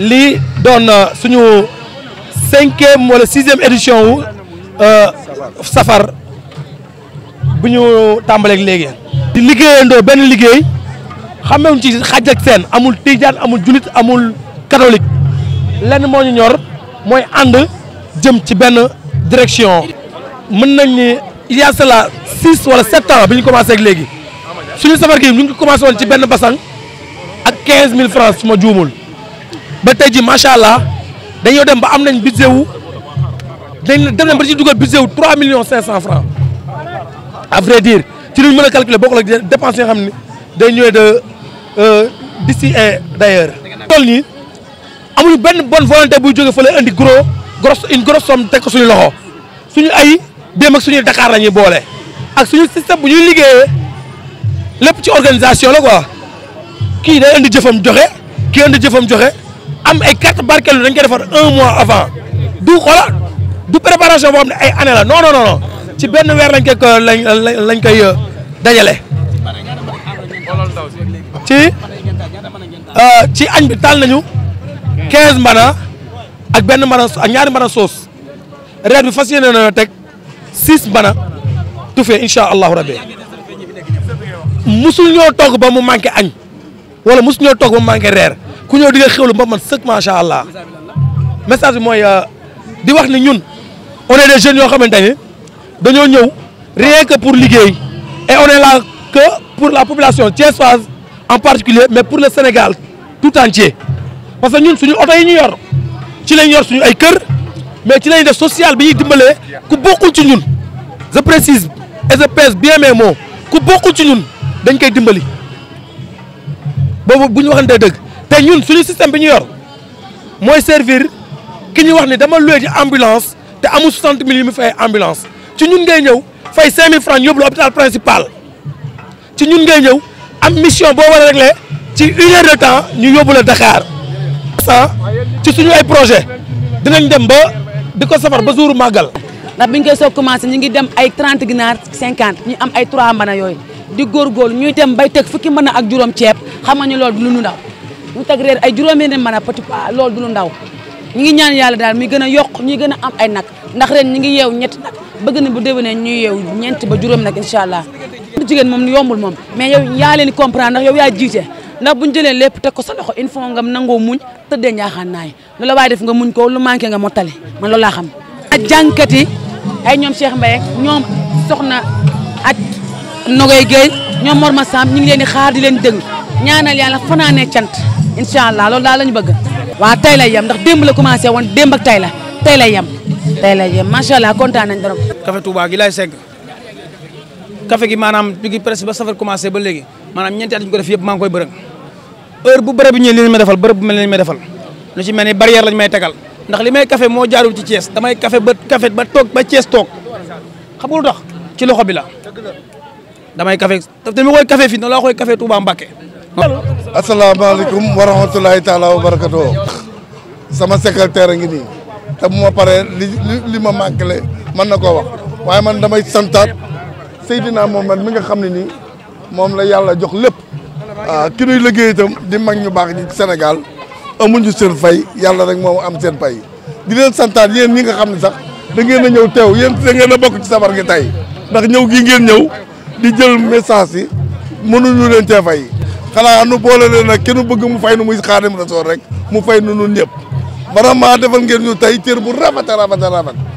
lii doon suñu cinquième wala sixième édition wu euh, safar bu ñu tàmbaleeg léegi. di liggéeyandoo benn liggéey xamewuñ ci xaj ak seen amul tijaan amul julit amul katolik lenn moo ñu ñor mooy ànd jëm ci benn direction. mën nañ ni la y a cela six wala sept ans bi ñu commencé léegi suñu safar gi ñu ngi commencé woon ci benn basang ak quinze mille francs su ma juumul. ba tey ji macha allah dañoo dem ba am nañ budget wu dañ dem nañ ba ci dugal budget wu 3 millions 500 francs a vrai dire ci luñ mën a calculer bokkul ak dépense yi nga xam ne day ñëwee de euh, d'ici et d'ailleurs. tool ñi amuñu benn bonne volonté buy jógee fële indi gros grosse une grosse somme teg ko suñu loxo suñu ay déem ak suñu Dakar la boole ak suñu système bu ñuy liggéeyee lépp ci organisation la quoi kii day indi jëfam joxe kii indi jëfam joxe. am ay carte barkeelu dañ koy defar un mois avant du xoola du préparation boo xam ne ay année la non non non ci benn weer lañ koy lañ lañ koy euh, dajale. ci euh, ci añ bi taal nañu 15 mbana ak benn mbana ak ñaari mbana soos reer bi fas yéene na teg 6 mbana tufe incha allahu rabbi musul ñoo toog ba mu manqué añ wala musul ñoo toog ba mu manqué reer. ku ñëw di nga xewlu ba man sëkk macha allah message mooy euh, di wax ni ñun on est des jeunes yoo xamante ni dañoo ñëw rien que pour liggéey et on est là que pour la population thiessoise en particulier mais pour le Sénégal tout entier parce que ñun suñu oto yi ñu yor ci lañ yor suñu ay kër mais ci lañ def social bi ñuy dimbalee ku bokkul ci ñun je précise et je pèse bien mes mots ku bokkul ci ñun dañ koy dimbali boobu bu ñu waxantee dëgg. te ñun suñu système bi ñu yor mooy servir ki ñu wax ni dama loué ji ambulance te amul 60 mille yu mu fay ambulance ci ñun ngay ñëw fay 5000 francs yóbbu la hôpital principal ci ñun ngay ñëw am mission boo war a réglé ci une heure de temps ñu yóbbu la Dakar sans ci suñu ay projet dinañ dem ba di ko safar ba suuru màggal. ndax biñ koy soog commencé ñu ngi dem ay 30 ginaar 50 ñu am ay 3 mbana yooyu di góor góor ñuy dem bay teg fukki mbana ak juróom ceeb xam nga ñu loolu lu ñu bu teg reer ay juróomi ren mën a petit pas loolu du lu ndaw ñi ngi ñaan yàlla daal muy gën a yokk ñuy gën a am ay nag ndax ren ñi ngi yeew ñetti nag bëgg na bu déwénee ñuy yeew ñeent ba juróom nag incha allah jigéen moom yombul moom mais yow yaa leen comprendre ndax yow yaa jiite ndax buñu jëlee lépp teg ko sa in il faut nango nangoo muñ tëddee ñaaxaan naay lu la waaye def nga muñ ko lu manqué nga mottali man loolu laa xam ak jànkat yi ay ñoom Cheikh Mbaye ñoom soxna ak Nogoy Gueye ñoom Mor Massam ñu ngi leen di xaar leen dëng ñaanal yàlla fanaanee cant incha allah loolu daal la ñu bëgg waaw tey lay yem ndax démb la commencé woon démb ak tey la tey lay yem tey lay yem macha allah kontaan nañ borom café Touba gi lay segg café gi maanaam bi ngi presque ba safar commencé ba léegi maanaam ñeenti at ñu ko def yëpp maa ngi koy bërëg heure bu bërëb bi ñëwee li defal bërëb bu mel ni may defal lu si mel ni barrière lañ may tegal ndax li may café moo jaarul ci Thiès damay kafe ba café ba toog ba Thiès toog xam nga tax ci loxo bi la damay café daf tamit koy café fii noonu laa koy asalaamaaleykum wa rahmatulahi taala wa barakatuh sama secrétaire a ngi nii te ma pare li li ma manqué mën na koo wax waaye man damay santaat moom Mohamed mi nga xam ne nii moom la yàlla jox lépp waaw ah, ki nuy liggéey di mag ñu baax ñi Sénégal amuñu seen fay yàlla rek moom am seen pay di leen santaat yéen ñi nga xam ne sax da ngeen a ñëw teew yéen da ngeen a bokk ci sabar gi tey ndax ñëw gii ngeen ñëw di jël message yi mënuñu leen cee xanaa nu boole leen nag kenn bëgg mu fay nu muy Xaadim Rasuul rek mu fay nu ñun ñëpp vraiment defal ngeen ñu tey cër bu rafet a rafet a